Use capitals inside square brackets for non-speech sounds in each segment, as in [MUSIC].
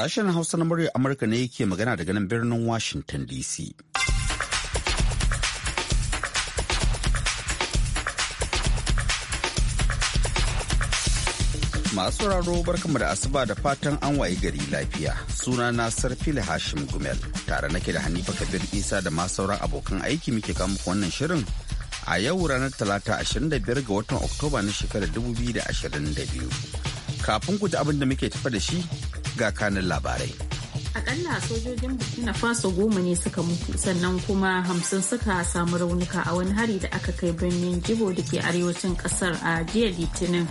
Sashen Hausa na muryar Amurka ne yake magana daga nan birnin Washington DC. Masu raro barkanmu da asuba da fatan an waye gari lafiya. Suna na Sarfili Hashim Gumel. Tare nake da Hanifa Kabir Isa da ma sauran abokan aiki muke kama wannan shirin a yau ranar Talata 25 ga watan Oktoba na shekarar 2022. Kafin ku ji abin da muke tafa da shi ga kanin labarai. Akalla sojojin Burkina Faso goma ne suka mutu sannan kuma hamsin suka samu raunuka a wani hari da aka kai birnin Jibo da ke arewacin kasar a jiya Litinin.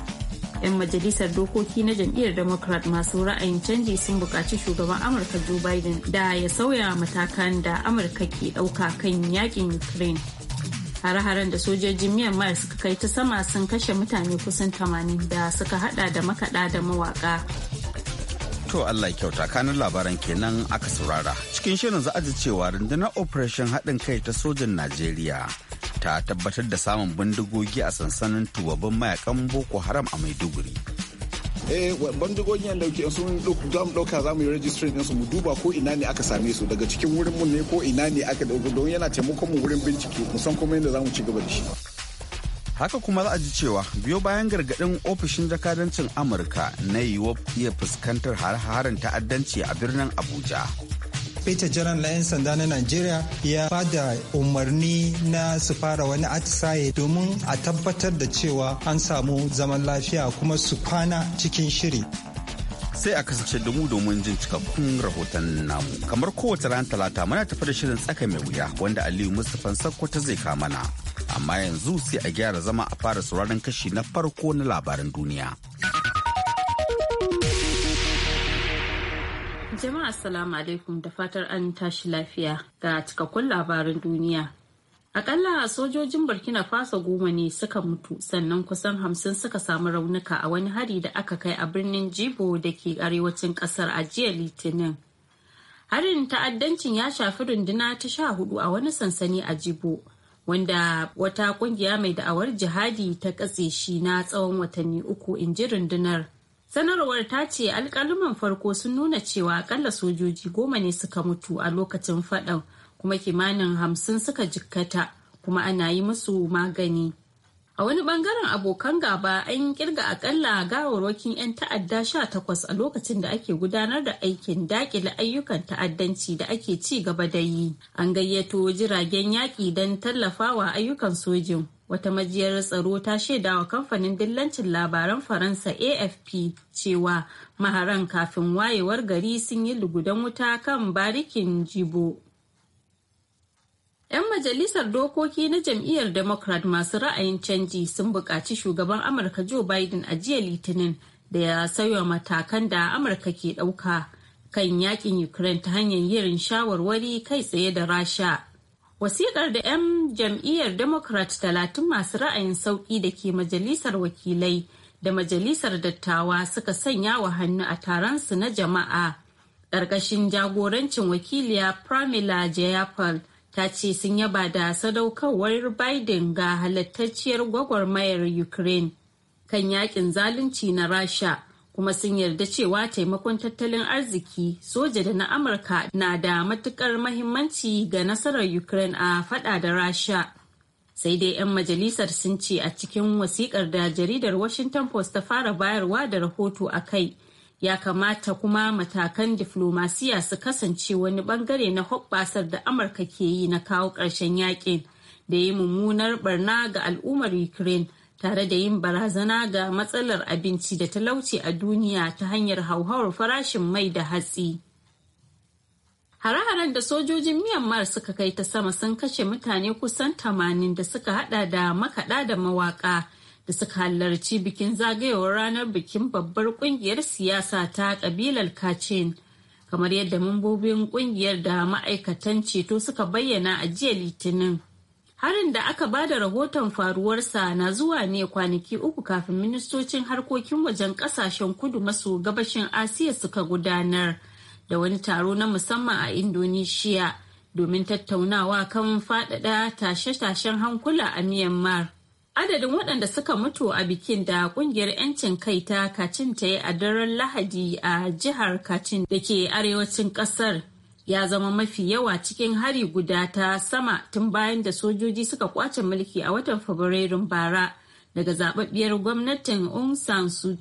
'Yan majalisar dokoki na jam'iyyar Democrat masu ra'ayin canji sun buƙaci shugaban Amurka Joe Biden da ya sauya matakan da Amurka ke ɗauka kan yakin Ukraine. hare-haren da sojojin myanmar suka kai ta sama sun kashe mutane kusan 80 da suka hada da makaɗa da mawaƙa. To Allah kyauta kanin labaran kenan aka saurara. Cikin shirin za a ji cewa rundunar operation haɗin kai ta sojan Najeriya ta tabbatar da samun bindigogi a sansanin tubabin mayakan Boko Haram a Maiduguri. Eh, bindigogi da dauke sun mu ɗauka za mu yi din su mu duba ko ina ne aka same su daga cikin wurin mu ne ko ina ne aka dauko don yana taimakon mu wurin bincike musan kuma yadda za mu ci gaba da shi. haka kuma za a ji cewa biyo bayan gargadin ofishin jakadancin amurka na yiwuwa iya fuskantar har-haren ta'addanci a birnin abuja Peter Jaran na 'yan sanda na Najeriya ya bada umarni na su fara wani atisaye domin a tabbatar da cewa an samu zaman lafiya kuma su kwana cikin shiri. sai a kasance da mu domin jin cikakkun rahoton namu kamar kowace ran talata muna tafi da shirin tsaka mai wuya wanda aliyu mustapha sakkwato zai kama na amma yanzu sai a gyara zama a fara sauraron kashi na farko na labaran duniya. Jama'a Assalamu alaikum da fatar an tashi lafiya ga cikakkun labaran duniya. Akalla sojojin Burkina Faso goma ne suka mutu sannan kusan hamsin suka samu raunuka a wani hari da aka kai a birnin Jibo da ke arewacin kasar a jiya Litinin. Harin ta'addancin ya shafi runduna ta sha hudu a wani sansani a Jibo. wanda wata kungiya mai da'awar jihadi ta katse shi na tsawon watanni uku in ji rundunar sanarwar ta ce alkaluman farko sun nuna cewa akalla sojoji goma ne suka mutu a lokacin faɗan kuma kimanin hamsin suka jikkata kuma ana yi musu magani a wani bangaren abokan gaba an kirga akalla gawarwakin 'yan ta'adda sha-takwas a lokacin da ake gudanar da aikin dakile ayyukan ta'addanci da ake ci gaba da yi an gayyato jiragen yaƙi don tallafawa ayyukan sojin wata majiyar tsaro ta shaidawa kamfanin dillancin labaran faransa afp cewa maharan kafin wayewar gari sun yi lugudan wuta kan barikin jibo 'Yan majalisar dokoki na jam'iyyar Democrat masu ra'ayin canji sun buƙaci shugaban Amurka Joe Biden a jiya Litinin da ya sauya matakan da Amurka ke ɗauka kan yakin Ukraine ta hanyar yin shawarwari kai tsaye da Rasha. Wasiƙar da 'yan jam'iyyar Democrat talatin masu ra'ayin sauƙi da ke majalisar wakilai da majalisar dattawa suka sanya wa hannu a taron su na jama'a. Ƙarƙashin jagorancin wakiliya Pramila Jayapal ta ce sun yaba da sadaukarwar biden ga halittacciyar gwagwarmayar ukraine kan yakin zalunci na rasha kuma sun yarda cewa taimakon tattalin arziki soja da na amurka na da matukar mahimmanci ga nasarar ukraine a fada da rasha sai dai 'yan majalisar sun ce a cikin wasiƙar da jaridar washington post ta fara bayarwa da rahoto a kai ya kamata kuma matakan diflomasiya su kasance wani bangare na hoɓɓasar da amurka ke yi na kawo ƙarshen yakin da yi mummunar barna ga al'ummar ukraine tare da yin barazana ga matsalar abinci da talauci a duniya ta hanyar hauhawar farashin mai da hatsi hare-haren da sojojin myanmar suka kai ta sama sun kashe mutane kusan 80 da suka hada da makaɗa da mawaƙa da suka halarci bikin zagayowar ranar bikin babbar kungiyar siyasa ta kabilar kacin kamar yadda mambobin kungiyar da ma'aikatan ceto suka bayyana a jiya litinin harin da aka ba da rahoton faruwarsa na zuwa ne kwanaki uku kafin ministocin harkokin wajen kasashen kudu maso gabashin asiya suka gudanar da wani taro na musamman a indonesia domin tattaunawa kan faɗaɗa tashe-tashen hankula a myanmar Adadin waɗanda suka mutu a bikin da ƙungiyar 'yancin kai ta Kacin ta yi a daren Lahadi a jihar Kacin da ke arewacin ƙasar ya zama mafi yawa cikin hari guda ta sama tun bayan da sojoji suka kwace mulki a watan Fabrairun bara daga zababbiyar gwamnatin Aung San Suu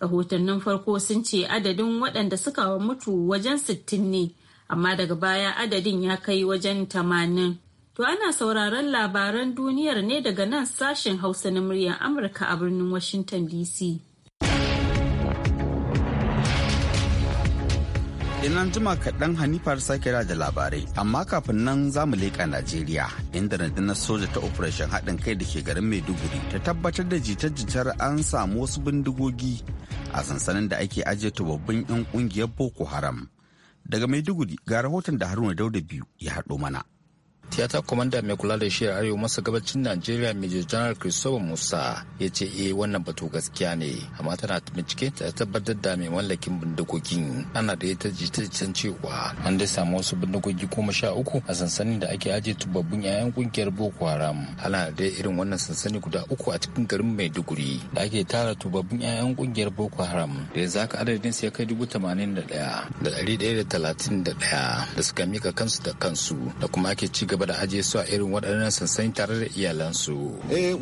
Rahotannin farko sun ce adadin waɗanda suka mutu wajen sittin ne, amma daga baya adadin ya kai wajen tamanin. To ana sauraron labaran duniyar ne daga nan sashen Hausa na muryar Amurka a birnin Washington DC. Inan jima kaɗan Hanifar sake da labarai, amma kafin nan za mu leƙa Najeriya, inda rundunar soja ta Operation haɗin kai da ke garin Maiduguri ta tabbatar da jita-jitar an samu wasu bindigogi a sansanin da ake ajiye tubabbin 'yan ƙungiyar Boko Haram. Daga Maiduguri ga rahoton da Haruna Dauda biyu ya haɗo mana. tiyata Komanda mai kula da a arewa masa gabacin najeriya major general christopher musa ya ce eh wannan batu gaskiya ne amma tana bincike ta tabbatar da mai mallakin bindigogin ana da ita jita-jitan cewa an dai samu wasu bindigogi goma sha uku a sansanin da ake ajiye tubabbin 'ya'yan kungiyar boko haram ana da irin wannan sansani guda uku a cikin garin maiduguri da ake tara tubabbin 'ya'yan kungiyar boko haram da yanzu haka adadin su ya kai dubu tamanin da ɗaya da ɗari ɗaya da talatin da ɗaya da suka mika kansu da kansu da kuma ake ci gaba gaba da aje su a irin waɗannan sansani tare da iyalansu. Eh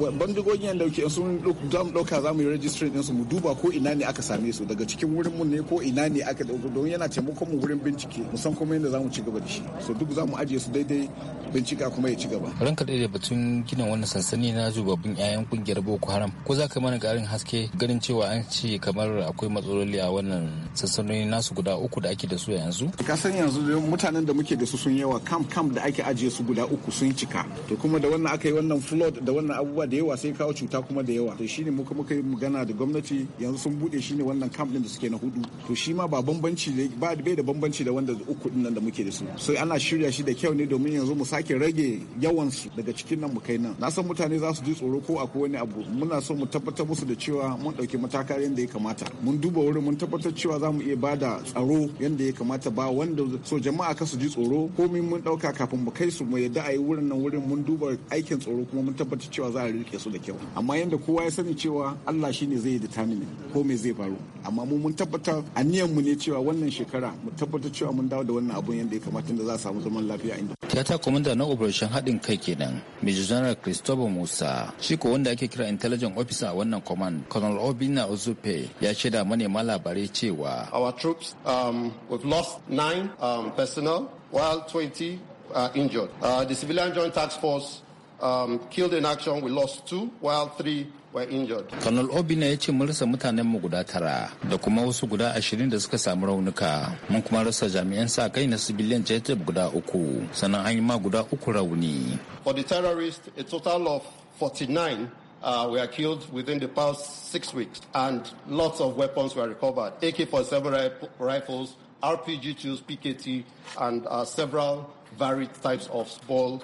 yan dauke sun ɗauka za mu yi registry ɗin su mu duba ko ina ne aka same su daga cikin wurin mu ne ko ina ne aka ɗauko don yana taimakon mu wurin bincike musan kuma yadda za mu ci gaba da shi so duk za mu aje su daidai bincika kuma ya ci gaba. Ranka da batun gina wannan sansani na zubabbin 'ya'yan kungiyar Boko Haram ko za ka mana ƙarin haske ganin cewa an ce kamar akwai matsaloli a wannan sansanoni nasu guda uku da ake da su yanzu. Ka san yanzu mutanen da muke da su sun yawa kam kam da ake ajiye su su guda uku sun cika to kuma da wannan aka yi wannan flood da wannan abubuwa da yawa sai kawo cuta kuma da yawa to shine muka muka yi magana da gwamnati yanzu sun bude shine wannan camp din da suke na hudu to shi ma ba bambanci ba bai da bambanci da wanda uku din nan da muke da su sai ana shirya shi da kyau ne domin yanzu mu sake rage yawan su daga cikin nan mu kai nan na san mutane za su ji tsoro ko akwai wani abu muna so mu tabbatar musu da cewa mun dauki matakan yanda ya kamata mun duba wurin mun tabbatar cewa za mu iya bada tsaro yadda ya kamata ba wanda so jama'a ka su ji tsoro komai mun dauka kafin mu kai su mu yadda a yi wurin nan wurin mun duba aikin tsoro kuma mun tabbatar cewa za a rike su da kyau amma yadda kowa ya sani cewa Allah shine zai determine ko me zai faru amma mu mun tabbata aniyan mu ne cewa wannan shekara mu tabbatar cewa mun dawo da wannan abun yadda ya kamata da za a samu zaman lafiya inda ta komanda na operation haɗin kai kenan major general christopher musa shi ko wanda ake kira intelligent officer a wannan command colonel obina ozupe ya shaida manema labarai cewa our troops um, we've lost nine um, personnel while 20 uh, injured. Uh, the Civilian Joint Task Force um, killed in action. We lost two, while three Colonel Obina ya ce mun mutanen mu guda tara da kuma wasu guda ashirin da suka samu raunuka. Mun kuma rasa jami'an sa kai na civilian guda uku, sannan an yi ma guda uku rauni. For the terrorists, a total of 49 uh, were killed within the past six weeks, and lots of weapons were recovered. AK-47 rifles, RPG-2s, PKT, and uh, several varied types of small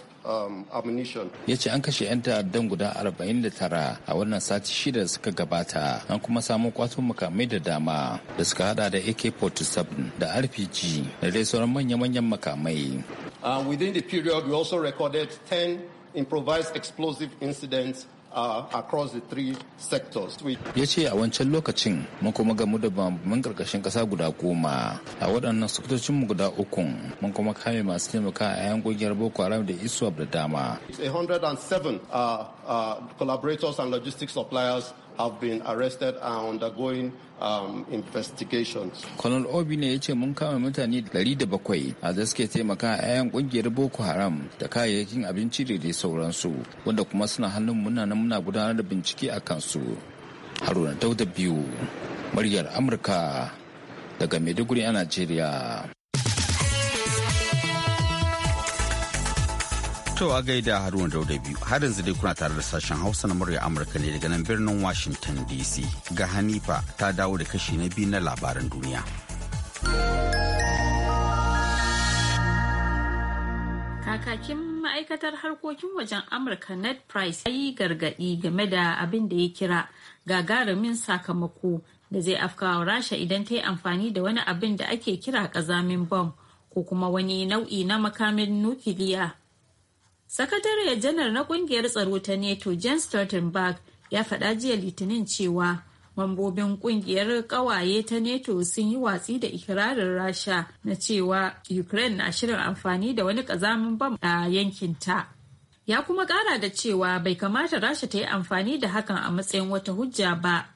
Ya ce an kashe 'yan ta'addan guda 49 a wannan sati shida da suka gabata an kuma samu kwaton makamai da dama da suka hada da AK-47 da RPG da dai sauran manya-manyan makamai. Uh, within the period, we also recorded 10 improvised explosive incidents Uh, the ya ce a wancan lokacin mun kuma gamu da bambamin karkashin kasa guda goma a waɗannan mu guda uku mun kuma kame masu taimaka a yan kungiyar boko haram da iswap da dama 107 uh, uh, collaborators and logistics suppliers have been arrested and undergoing um, investigations. Colonel Obi ne ya ce mun kama mutane 700 a da suke taimaka a 'yan kungiyar Boko Haram da kayayyakin abinci da dai sauransu wanda kuma suna hannun muna nan muna gudanar da bincike a kansu. Haruna Dauda biyu, muryar Amurka daga Maiduguri a Najeriya. To a gaida Haruna Dauda biyu har yanzu dai kuna tare da sashen Hausa na murya Amurka ne daga nan birnin Washington DC ga Hanifa ta dawo da kashi na biyu na labaran duniya. Kakakin ma'aikatar harkokin wajen Amurka Ned Price ya yi gargaɗi game da abin da ya kira gagarumin sakamako da zai afkawa Rasha idan ta yi amfani da wani abin da ake kira ƙazamin bom ko kuma wani nau'i na makamin nukiliya Sakatare janar na kungiyar tsaro ta NATO Jens Stoltenberg ya faɗa jiya Litinin cewa mambobin kungiyar kawaye ta NATO sun yi watsi da ikirarin Rasha na cewa Ukraine na shirin amfani da wani kazamin bam a yankinta. Ya kuma ƙara da cewa bai kamata Rasha ta yi amfani da hakan a matsayin wata hujja ba.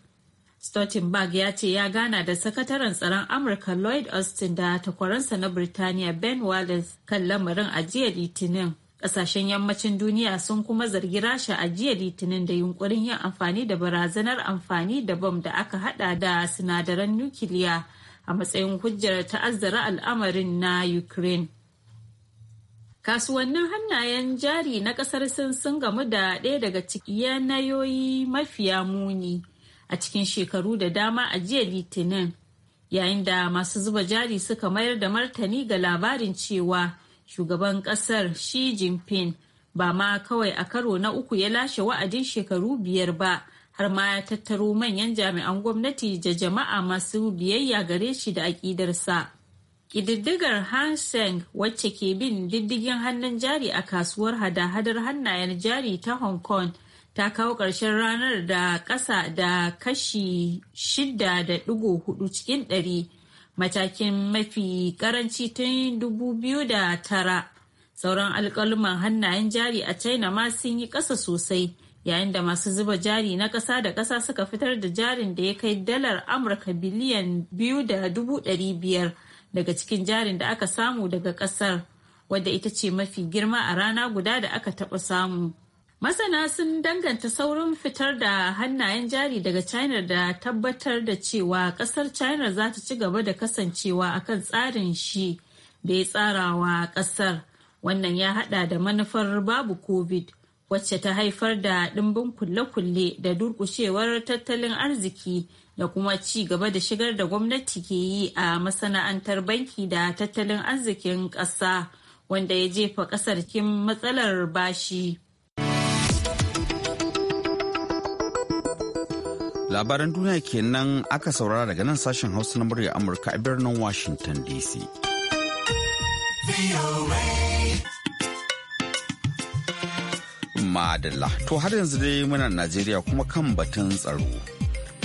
Stoltenberg ya ce ya gana da sakataren tsaron Amurka Lloyd Austin da takwaransa na Birtaniya Ben Wallace kan lamarin a jiya Litinin. Ƙasashen yammacin duniya sun kuma zargi Rasha a jiya Litinin da yunkurin yin amfani da barazanar amfani da bom da aka hada da sinadaran nukiliya a matsayin hujjar ta'azzara al'amarin na Ukraine. Kasuwannin hannayen jari na ƙasar Sin sun gamu da ɗaya daga ciki yanayoyi mafiya muni a cikin shekaru da dama a jiya Litinin, yayin da masu zuba jari suka mayar da martani ga labarin cewa shugaban kasar Xi Jinping ba ma kawai a karo na uku ya lashe wa'adin shekaru biyar ba har ma ya tattaro manyan jami'an gwamnati da jama'a masu biyayya gare shi da aƙidarsa. Ƙididdigar han Seng wacce ke bin diddigin hannun jari a kasuwar hada-hadar hannayen jari ta Hong Kong ta kawo ƙarshen ranar da ƙasa da kashi 6.4 cikin ɗari. matakin mafi karanci tun tara sauran alkaluman hannayen jari a china ma sun yi kasa sosai yayin da masu zuba jari na kasa da kasa suka fitar da jarin da ya kai dalar amurka biliyan biyu da dubu ɗari biyar daga cikin jarin da aka samu daga kasar wadda ita ce mafi girma a rana guda da aka taɓa samu Masana sun danganta saurin fitar da hannayen jari daga China da tabbatar da cewa kasar China za ta ci gaba da kasancewa a kan tsarin shi da ya tsarawa kasar. Wannan ya hada da manufar babu COVID wacce ta haifar da ɗimbin kulle-kulle da durƙushewar tattalin arziki da kuma ci gaba da shigar da gwamnati ke yi a masana'antar banki da tattalin arzikin ƙasa wanda ya jefa ƙasar kin matsalar bashi. Labaran duniya kenan aka saurara daga nan sashen Hausa na murya Amurka a birnin Washington DC. Madalla, to har yanzu dai muna Najeriya kuma kan batun tsaro.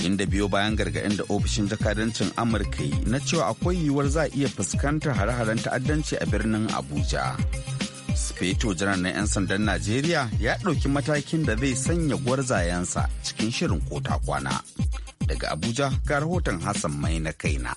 Inda biyo bayan gargaɗin da ofishin jakadancin Amurka yi na cewa akwai yiwuwar za a iya fuskantar hare-haren ta'addanci a birnin Abuja. Feto janar na 'yan sandan Najeriya ya ɗauki matakin da zai sanya gwarzayensa cikin shirin kota kwana. Daga Abuja ga rahoton Hassan Mai na kaina.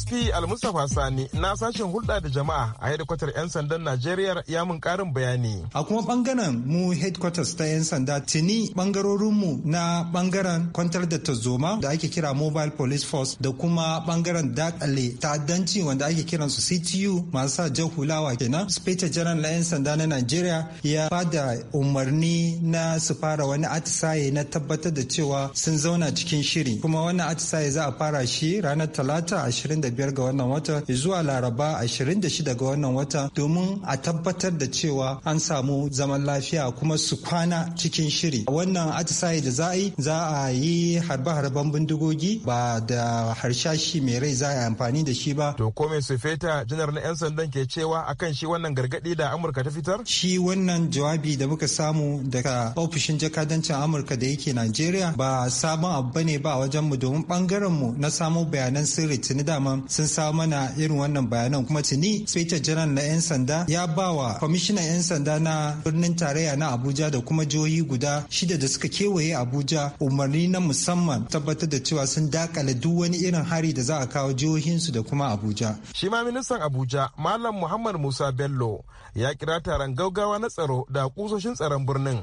SP Almustapha Sani na sashen hulɗa da jama'a a hedkwatar 'yan sandan Najeriya ya mun ƙarin bayani. A kuma bangaren mu headquarters ta 'yan sanda tuni ɓangarorinmu na bangaren kwantar da tazoma da ake kira Mobile Police Force da kuma bangaren dakale ta'addanci wanda ake kiran su CTU masu sa jan hulawa kenan. Speta General na 'yan sanda na Najeriya ya ba da umarni na su fara wani atisaye na tabbatar da cewa sun zauna cikin shiri kuma wannan atisaye za a fara shi ranar talata 25 ga wannan wata zuwa laraba 26 ga wannan wata domin a tabbatar da cewa an samu zaman lafiya kuma su kwana cikin shiri wannan atisaye da za a yi za a yi harbe-harben bindigogi ba da harshashi mai rai za a yi amfani da shi ba to kome su feta janar na 'yan sandan ke cewa akan shi wannan gargadi da amurka ta fitar shi wannan jawabi da muka samu daga ofishin jakadancin amurka da yake najeriya ba sabon abu bane ba wajenmu domin ɓangarenmu na samo bayanan sirri tuni dama sun samo mana irin wannan bayanan kuma tuni speto general na 'yan sanda ya ba wa kwamishinan 'yan sanda na birnin tarayya na abuja da kuma jihohi guda shida da suka kewaye abuja umarni na musamman tabbatar da cewa sun dakale duk wani irin hari da za a kawo jihohinsu da kuma abuja shi ma ministan abuja malam muhammad musa bello ya kira taron gaugawa na tsaro da kusoshin tsaron birnin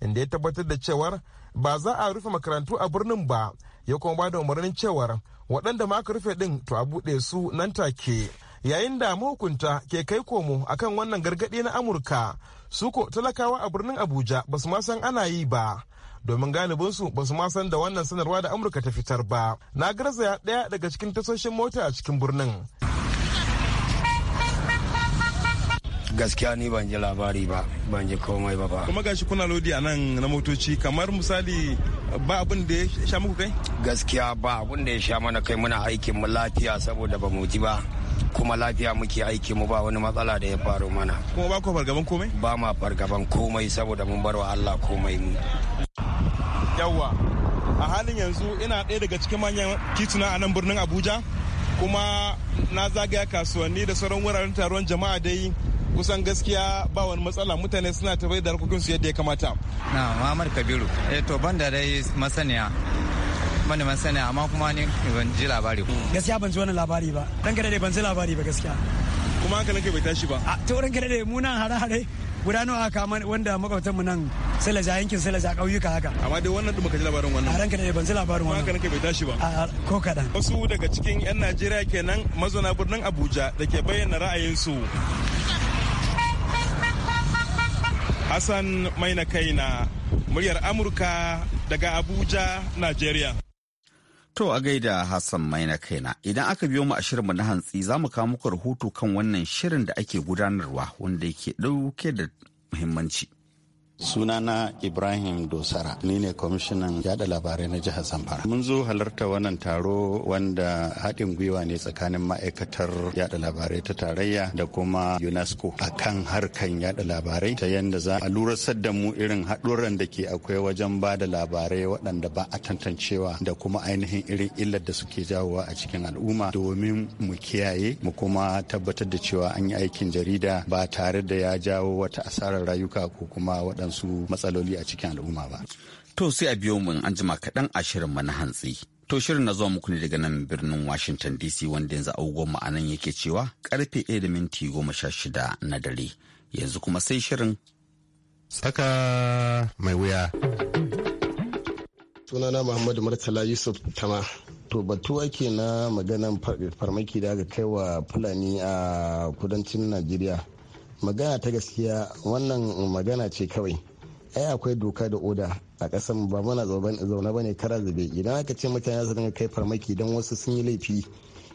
inda ya tabbatar da cewar ba za a rufe makarantu a birnin ba ya kuma ba da umarnin cewar waɗanda ma aka rufe ɗin to a buɗe su nan take yayin da mahukunta ke kai komo akan wannan gargaɗi na amurka su ko talakawa a birnin abuja ba su ma san ana yi ba domin galibinsu ba su ma san da wannan sanarwa da amurka ta fitar ba na garzaya ɗaya daga cikin tasoshin mota a cikin birnin gaskiya ni ban ji labari ba ban ji komai ba ba kuma gashi kuna lodi a nan na motoci kamar misali ba abin da ya sha muku kai gaskiya ba abin da ya sha mana kai muna aikin mu lafiya saboda ba mu ji ba kuma lafiya muke aiki mu ba wani matsala da ya faru mana kuma ba ku fargaban komai ba ma fargaban komai saboda mun bar wa Allah komai mu yawa a halin yanzu ina ɗaya daga cikin manyan tituna a nan birnin Abuja kuma na zagaya kasuwanni da sauran wuraren taron jama'a dai kusan gaskiya ba wani matsala mutane suna tafai da harkokinsu yadda ya kamata na muhammad kabiru eh to ban da dai masaniya mani masaniya amma kuma ni ban ji labari gaskiya ban ji wani labari ba dan gare ban ji labari ba gaskiya kuma haka kai bai tashi ba a to ran gare dai mu nan hare-hare guda nawa aka wanda makwabtan mu nan salaja yankin salaja kauyuka haka amma dai wannan dumaka ji labarin wannan a ranka ne ban ji labarin wannan haka nake bai tashi ba ko kadan wasu daga cikin yan Najeriya kenan mazauna birnin Abuja da ke bayyana ra'ayinsu Hassan Maina na muryar Amurka daga Abuja, Najeriya. To a gaida Hassan Maina na idan aka biyo mu a shirinmu na hantsi za mu kawo muku rahoto kan wannan shirin da ake gudanarwa wanda yake ɗauke da muhimmanci. Sunana Ibrahim Dosara, ni ne kwamishinan yada labarai na jihar Zamfara. Mun zo halarta wannan taro wanda haɗin gwiwa ne tsakanin ma'aikatar yada labarai ta tarayya da kuma UNESCO a kan harkan yada labarai ta yadda za a lurasar da mu irin haɗuran da ke akwai wajen ba da labarai waɗanda ba a tantancewa da kuma ainihin irin illar da suke jawowa a cikin al'umma domin mu kiyaye mu kuma tabbatar da cewa an yi aikin jarida ba tare da ya jawo wata asarar rayuka ko kuma waɗansu waɗansu matsaloli a cikin al'umma ba. To sai a biyo mu an jima kaɗan a shirin na hantsi. To shirin na zuwa muku ne daga nan birnin Washington DC wanda yanzu agogon mu anan yake cewa karfe 1 da minti goma sha na dare. Yanzu kuma sai shirin. Saka mai wuya. Sunana Muhammadu Murtala Yusuf Tama. to batu ake na maganan farmaki da aka kai wa fulani a kudancin najeriya magana ta gaskiya wannan magana ce kawai ai akwai doka da oda a kasan ba muna zaune ba ne kara zube idan aka ce mutane su dinga kai farmaki don wasu sun yi laifi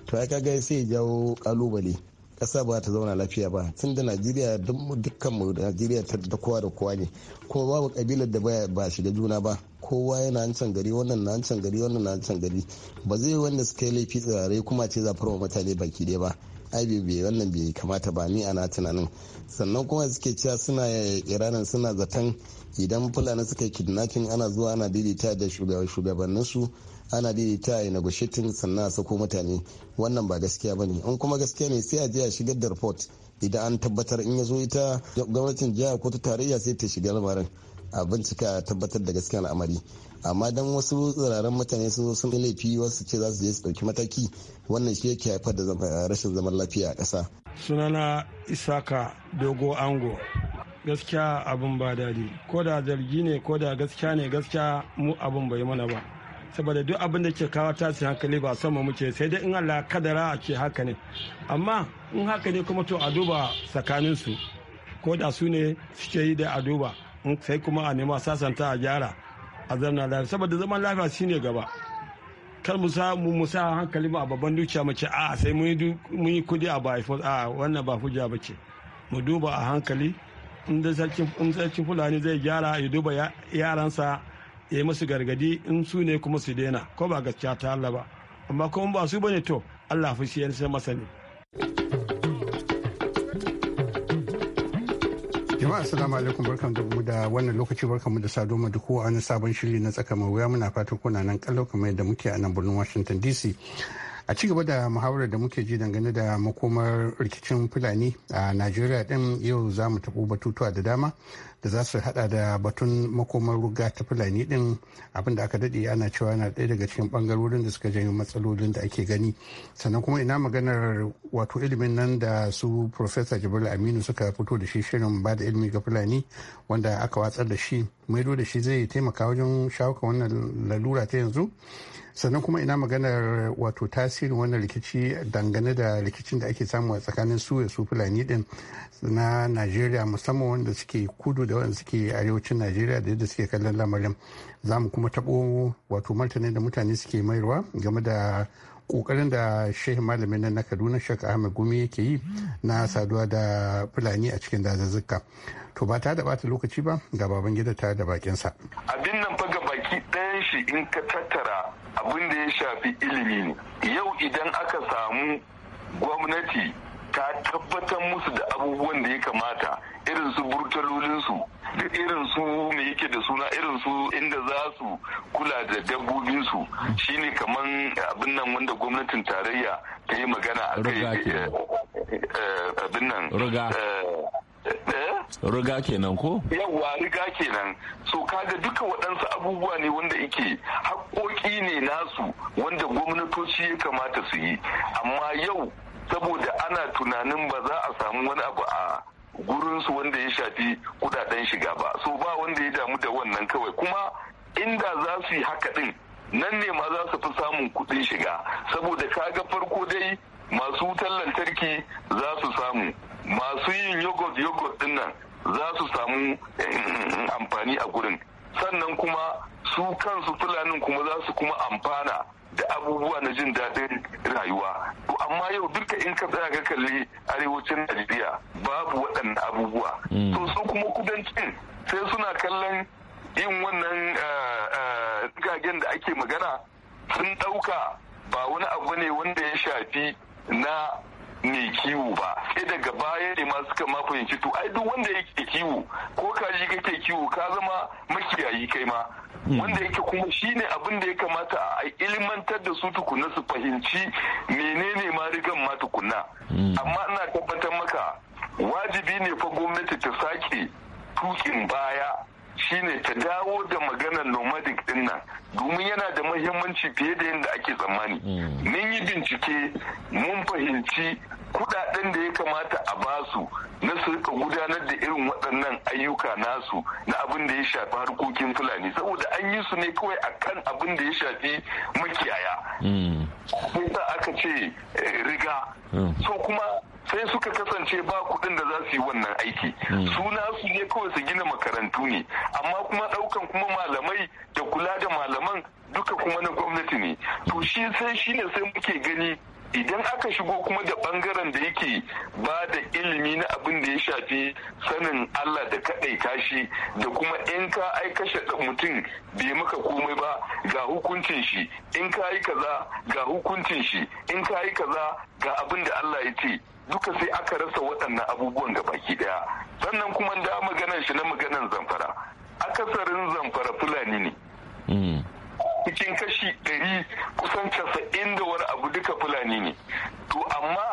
to ai kaga sai jawo kalubale ƙasa ba ta zauna lafiya ba tun da najeriya dukkan mu najeriya ta kowa da kowa ne kuma babu kabilar da ba shi juna ba kowa yana can gari wannan na can gari wannan na can gari ba zai wanda suka yi laifi tsirarai kuma ce zafar wa mutane baki ɗaya ba ai bai wannan bai kamata ba ni ana tunanin sannan kuma suke cewa suna iranin suna zaton idan fulani suka yi kidnapping ana zuwa ana daidaita da shugabanninsu ana daidaita a negotiating sannan a sako mutane wannan ba gaskiya ba ne in kuma gaskiya ne sai a je a shigar da report idan an tabbatar in ya zo ita gwamnatin jihar ko ta tarayya sai ta shiga lamarin a bincika tabbatar da gaskiya al'amari amma dan wasu tsiraran mutane sun sun laifi wasu ce za su je su dauki mataki wannan shi yake haifar da eh, rashin zaman lafiya a ƙasa. sunana isaka dogo ango gaskiya abin ba daɗi ko da zargi ne ko da gaskiya ne gaskiya mu abin bai mana ba saboda duk abin da ke kawo tasi hankali ba sama muke sai dai in allah kadara a ce haka ne amma in haka ne kuma to a duba tsakaninsu ko da su ne suke yi da a duba sai kuma a nema sasanta a gyara a zarna da saboda zaman lafiya shine gaba kar mu sa mu sa hankali mu a babban dukiya mu ce a sai mun yi kudi a bai a wannan ba hujja ba ce mu duba a hankali in da sarkin fulani zai gyara ya duba yaransa ya yi musu gargadi in su ne kuma su daina ko ba gaskiya ta Allah ba amma kuma ba su bane to Allah fushi yan sai masani. jama'a assalamu alaikum barkan da mu da wannan lokaci barkan mu da sado mu duk wani sabon shiri na tsaka wuya muna fatan kuna nan kallo kamar yadda muke a nan birnin washington dc a ci gaba da muhawarar da muke ji dangane da makomar rikicin fulani a najeriya din yau za mu taɓo batutuwa da dama da za su hada da batun makomar ruga ta fulani din abinda aka daɗe ana cewa yana ɗaya daga cikin ɓangarorin da suka janyo matsalolin da ake gani sannan kuma ina maganar wato ilimin nan da su professor jibril aminu suka fito da shi shirin ba da ilimi ga fulani wanda aka watsar da shi maido da shi zai taimaka wajen shawo wannan lalura ta yanzu sannan kuma ina maganar wato tasirin wannan rikici dangane da rikicin da ake samu a tsakanin su su fulani din na najeriya musamman wanda suke kudu da wanda suke arewacin najeriya da yadda suke kallon lamarin za mu kuma tabo wato martanin da mutane suke mayarwa game da kokarin da shehu malamin nan na kaduna shek ahmed gumi yake yi na saduwa da fulani a cikin dazuzzuka to ba ta da bata lokaci ba ga baban gida ta da bakinsa abin nan fa ga baki ɗayan shi in ka tattara abin da ya shafi ilimi ne yau idan aka samu gwamnati ta tabbatar musu da abubuwan da ya kamata irin su burtalolinsu da irin su me yake da suna irin su inda za su kula da dabbobinsu shine kamar abin nan wanda gwamnatin tarayya ta yi magana a kai eh, eh, eh, abin nan Eh? riga kenan ko yawwa riga kenan so ga duka waɗansu abubuwa ne wanda ike haƙoƙi ne nasu wanda gwamnatoci ya kamata su yi amma yau saboda ana tunanin ba za a samu wani abu a gurinsu wanda ya shafi kudaden shiga ba so ba wanda ya damu da wannan kawai kuma inda za su yi haka din nan ne ma za su fi samun kuɗin shiga saboda kaga farko dai masu wutar lantarki za su samu masu yin yogurt yogurt din nan za su samu eh, [CLEARS THROAT] amfani a gurin sannan kuma su kansu fulanin kuma za su kuma amfana da abubuwa na jin daɗin rayuwa amma yau duka in ka tsaya ka kalli arewacin najeriya babu waɗannan abubuwa hmm. to su kuma kudancin sai suna kallon yin wannan gagen eh, eh, da ake magana sun ɗauka ba wani abu ne wanda ya shafi na mai kiwo ba sai daga baya ne ma suka ma fahimci to ai duk wanda yake kiwo ko kaji kake kiwo ka zama makiyayi kai ma hmm. wanda yake kuma shine abin da ya kamata a ilmantar da su tukunna su fahimci menene ma rigan ma tukunna hmm. amma ina tabbatar maka wajibi ne fa gwamnati ta sake tukin baya shine ta dawo da maganar din nan domin yana da muhimmanci fiye da yadda ake tsammani hmm. mun yi bincike mun fahimci kudaden da ya kamata a basu na su rika gudanar da irin waɗannan ayyuka nasu na abin da ya shafi harkokin fulani saboda an yi su ne kawai a kan abin da ya shafi makiyaya hmm. sai aka ce eh, riga hmm. so kuma sai suka kasance ba kuɗin da za su yi wannan aiki suna hmm. su ne kawai su gina makarantu ne amma kuma ɗaukan kuma malamai da kula da malaman duka kuma na gwamnati ne to shi sai shi ne sai muke gani idan aka shigo kuma da bangaren da yake ba da ilimi na abin da ya shafi sanin Allah da kaɗai kashi da kuma in ka ai kashe mutum bai maka komai ba ga hukuncin shi in ka yi kaza ga hukuncin shi in ka yi kaza ga abin da Allah ya ce duka sai aka rasa waɗannan abubuwan ga baki daya sannan kuma da maganar shi na maganar zamfara akasarin zamfara fulani ne hmm. cikin kashi ɗari kusan casa'in da wani abu duka fulani ne to amma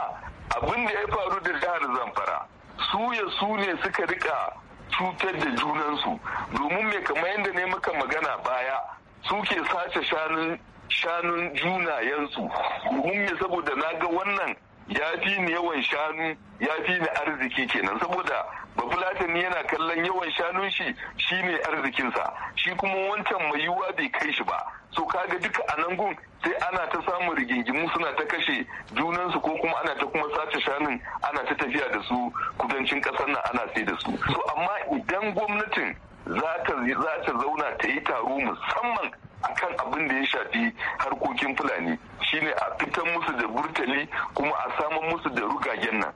abin da ya faru da jihar zamfara su ya su ne suka rika cutar da junansu domin mai kamar yadda ne maka magana baya suke sace shanun shanun junayensu domin me saboda na ga wannan ya fi ni yawan shanu ya fi ni arziki kenan saboda bafulatani yana kallon yawan shanun shi shi ne arzikinsa shi kuma wancan mai yiwuwa bai kai shi ba so kaga duka a nan gun sai ana ta samun rigingimu suna ta kashe junansu ko kuma ana ta kuma sace shanun ana ta tafiya da su kudancin kasar nan ana sai da su so amma idan gwamnatin za ta zauna ta yi taro musamman akan abin da ya shafi harkokin fulani shine a fitan musu da burtali kuma a saman musu da rugagen nan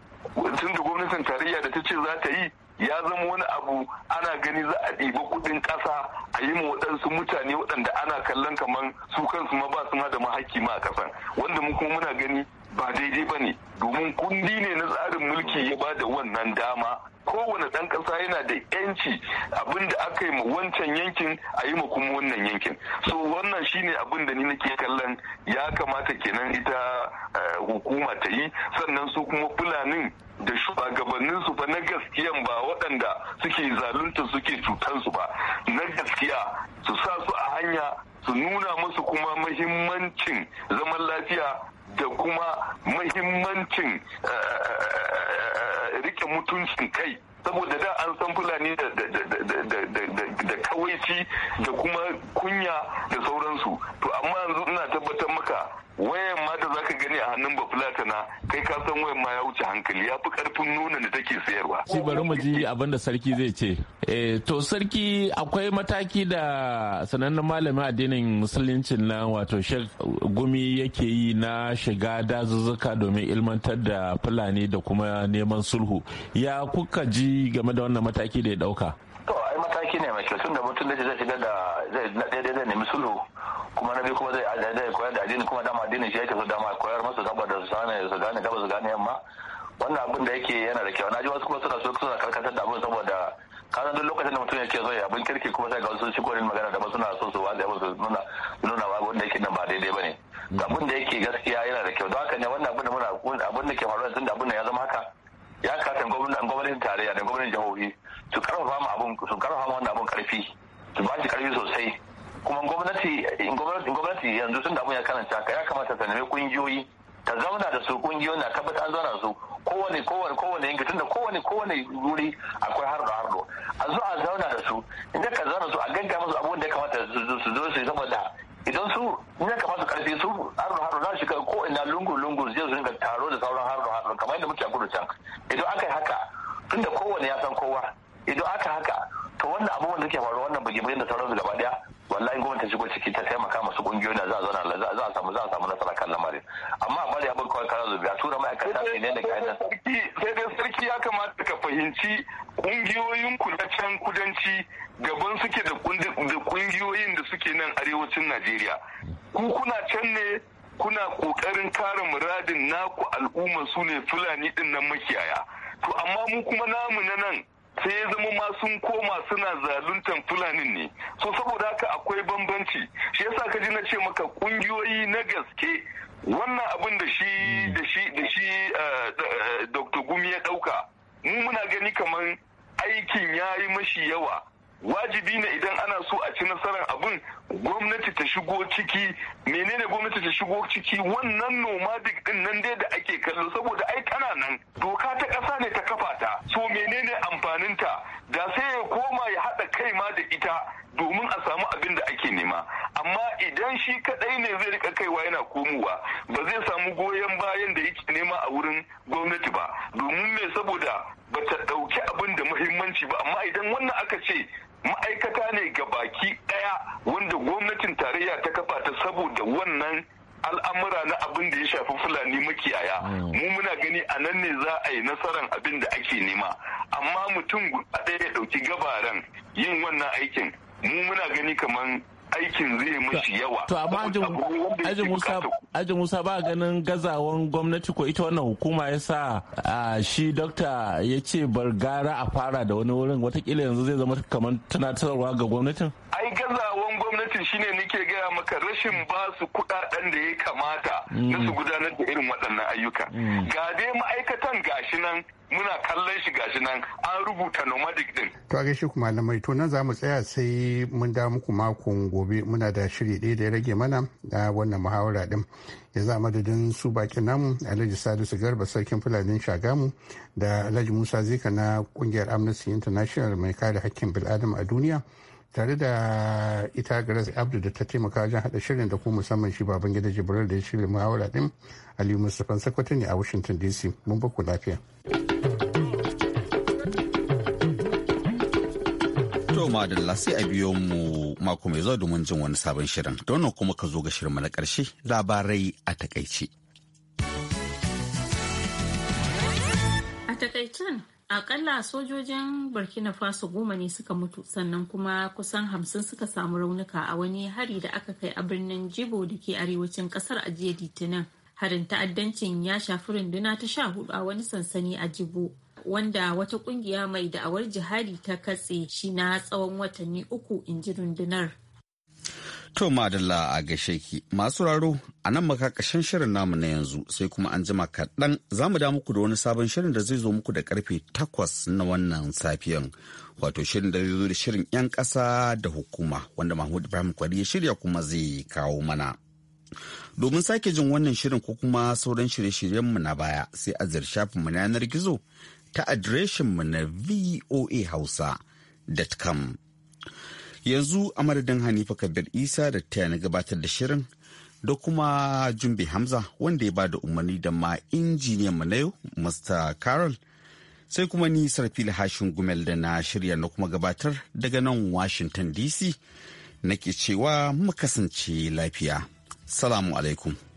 tun da gwamnatin tarayya da ta ce za ta yi ya zama wani abu ana gani za a ɗiba kuɗin ƙasa a yi ma waɗansu mutane waɗanda ana kallon kamar su kansu ma ba su ma da mahaki ma a ƙasan wanda mu kuma muna gani ba daidai ba ne domin kundi ne na tsarin mulki ya ba da wannan dama kowane ɗan ƙasa yana da yanci abin da aka yi ma wancan yankin a yi ma kuma wannan yankin so wannan shine abin da ni nake kallon ya kamata kenan ita eh, hukuma ta yi sannan su kuma fulanin da shugabannin su ba na gaskiyan ba waɗanda suke zalunta suke cutar su ba na gaskiya su sa su a hanya su nuna musu kuma mahimmancin zaman lafiya da kuma mahimmancin eh, eh, eh, rike mutuncin kai saboda da an san fulani da takaici da kuma kunya da sauransu to amma yanzu ina tabbatar maka wayan ma da zaka gani a hannun bafulatana kai ka san wayan ma ya wuce hankali ya fi karfin nuna da take sayarwa shi bari mu ji abin da sarki zai ce eh to sarki akwai mataki da sanannen malamin addinin musuluncin na wato shek gumi yake yi na shiga dazuzzuka domin ilmantar da fulani da kuma neman sulhu ya kuka ji game da wannan mataki da ya dauka to ai mataki ne mai kyau tunda mutum da zai shiga da zai daidai zai nemi sulhu kuma na biyu kuma zai zai koyar da addini kuma dama addini shi yake so dama koyar masa da su sani su gane gaba su gane yamma wannan abin da yake yana da kyau na ji wasu kuma suna so suna karkatar da abin saboda kana duk lokacin da mutum yake so ya abin kirki kuma sai ga wasu shi korin magana da ba suna so su wanda su nuna nuna ba wanda yake nan ba daidai bane abin da yake gaskiya yana da kyau don haka ne wannan abin da muna abin da ke faruwa tunda abin da ya zama haka ya kasance gwamnatin tarayya da gwamnatin jihohi su karfafa mu abun su karfafa mu wannan abun karfi su ba shi karfi sosai kuma gwamnati gwamnati yanzu tun da abun ya karanta ka ya kamata ta nemi kungiyoyi ta zauna da su kungiyoyi na tabbata an zauna su kowane kowane kowane yanki tunda kowane kowane wuri akwai hardo hardo a zo a zauna da su inda ka zauna su a gaggawa musu abubuwan da ya kamata su zo su yi saboda idan su ina ka kamata karfi su hardo hardo za su shiga ko ina lungu lungu zai su dinga taro da sauran hardo hardo kamar yadda muke a gudu can idan aka yi haka tunda kowane ya san kowa da sauransu gaba daya wallahi gwamnati shigo ciki ta taimaka masu kungiyoyi da za a zauna za a samu za a samu nasara kan lamarin amma a bari abin kawai kara biya a tura ma'aikata ne ne da kayan sai dai sarki ya kamata ka fahimci kungiyoyin ku kudanci gaban suke da kungiyoyin da suke nan arewacin najeriya ku kuna can ne kuna kokarin kare muradin naku al'umma su ne fulani din nan makiyaya to amma mu kuma namu na nan sai ya zama ma sun koma suna zaluntan fulanin ne so saboda haka akwai bambanci shi yasa ka ji na ce maka kungiyoyi na gaske wannan abin da shi da shi da shi eh, eh, dr gumi ya dauka mu muna gani kamar aikin ya yi mashi yawa wajibi ne idan ana so a ci nasarar abin gwamnati ta shigo ciki menene gwamnati ta shigo ciki wannan nomadic din nan dai da ake kallo saboda ai tana nan doka ta ƙasa ne ta kafa ta so menene amfaninta da sai ya koma ya haɗa kai ma da ita domin a samu abin da ake nema amma idan shi kaɗai ne zai rika kaiwa yana komowa ba zai samu goyon bayan da yake nema a wurin gwamnati ba domin me saboda ba ta ɗauki abin da muhimmanci ba amma idan wannan aka ce ma'aikata ne ga baki ɗaya wanda gwamnatin tarayya ta kafa ta saboda wannan al'amura na abin da ya shafi fulani makiyaya hmm. mu muna gani a nan ne za a yi nasaran abin da ake nema amma mutum a ɗaya ya ɗauki gabaran yin wannan aikin mu muna gani kamar aikin zai mashi yawa. To amma Aji Musa Musa ba ganin gazawan gwamnati ko ita wannan hukuma ya sa shi dokta ya ce bar gara a fara da wani wurin watakila yanzu zai zama kamar tunatarwa ga gwamnatin. Ai gazawan gwamnati shine nake gaya maka rashin ba su kudaden da ya kamata mm. na su gudanar da irin waɗannan ayyuka mm. ga dai ma'aikatan gashi nan muna kallon shi gashi nan an rubuta nomadic din to a shi kuma malamai to nan mu tsaya sai mun da muku makon gobe muna da shiri ɗaya da ya rage mana da wannan muhawara din ya za madadin su bakin namu alhaji salisu garba sarkin fulanin shagamu da alhaji musa zika na kungiyar amnesty international mai kare hakkin bil'adama a duniya tare da ita Grace Abdu da ta taimaka wajen hada shirin da ku musamman shi baban gida Jibril da ya shirya muhawara din Aliyu Mustapha Sakwato ne a Washington DC. Mun baku lafiya. To madalla sai a biyo mu mako mai zuwa domin jin wani sabon shirin. Dono kuma ka zo ga shirin na ƙarshe labarai a takaice. A takaicen Akalla sojojin Burkina Faso goma ne suka mutu sannan kuma kusan hamsin suka samu raunuka a wani hari da aka kai a birnin Jibo da ke arewacin kasar a jiya Litinin. Harin ta'addancin ya shafi runduna ta sha hudu a wani sansani a Jibo. Wanda wata kungiya mai da'awar jihadi ta katse shi na tsawon watanni uku in ji rundunar. To madalla a gaishe ki masu raro a nan makakashin shirin namu na yanzu sai kuma an jima kaɗan za mu da muku da wani sabon shirin da zai zo muku da karfe takwas na wannan safiyan wato shirin da zai zo da shirin 'yan ƙasa da hukuma wanda Mahmud Ibrahim Kwari ya shirya kuma zai kawo mana. Domin sake jin wannan shirin ko kuma sauran shirye-shiryenmu na baya sai a shafinmu na yanar gizo ta adireshinmu na voa voahausa.com. yanzu a madadin hanifa kabir isa da taya na gabatar da shirin da kuma jumbe hamza wanda ya ba da umarni da ma injiniyan mu na yau mr carol sai kuma ni sarfil hashin gumel da na shirya na kuma gabatar daga nan washington dc nake cewa mu kasance lafiya salamu alaikum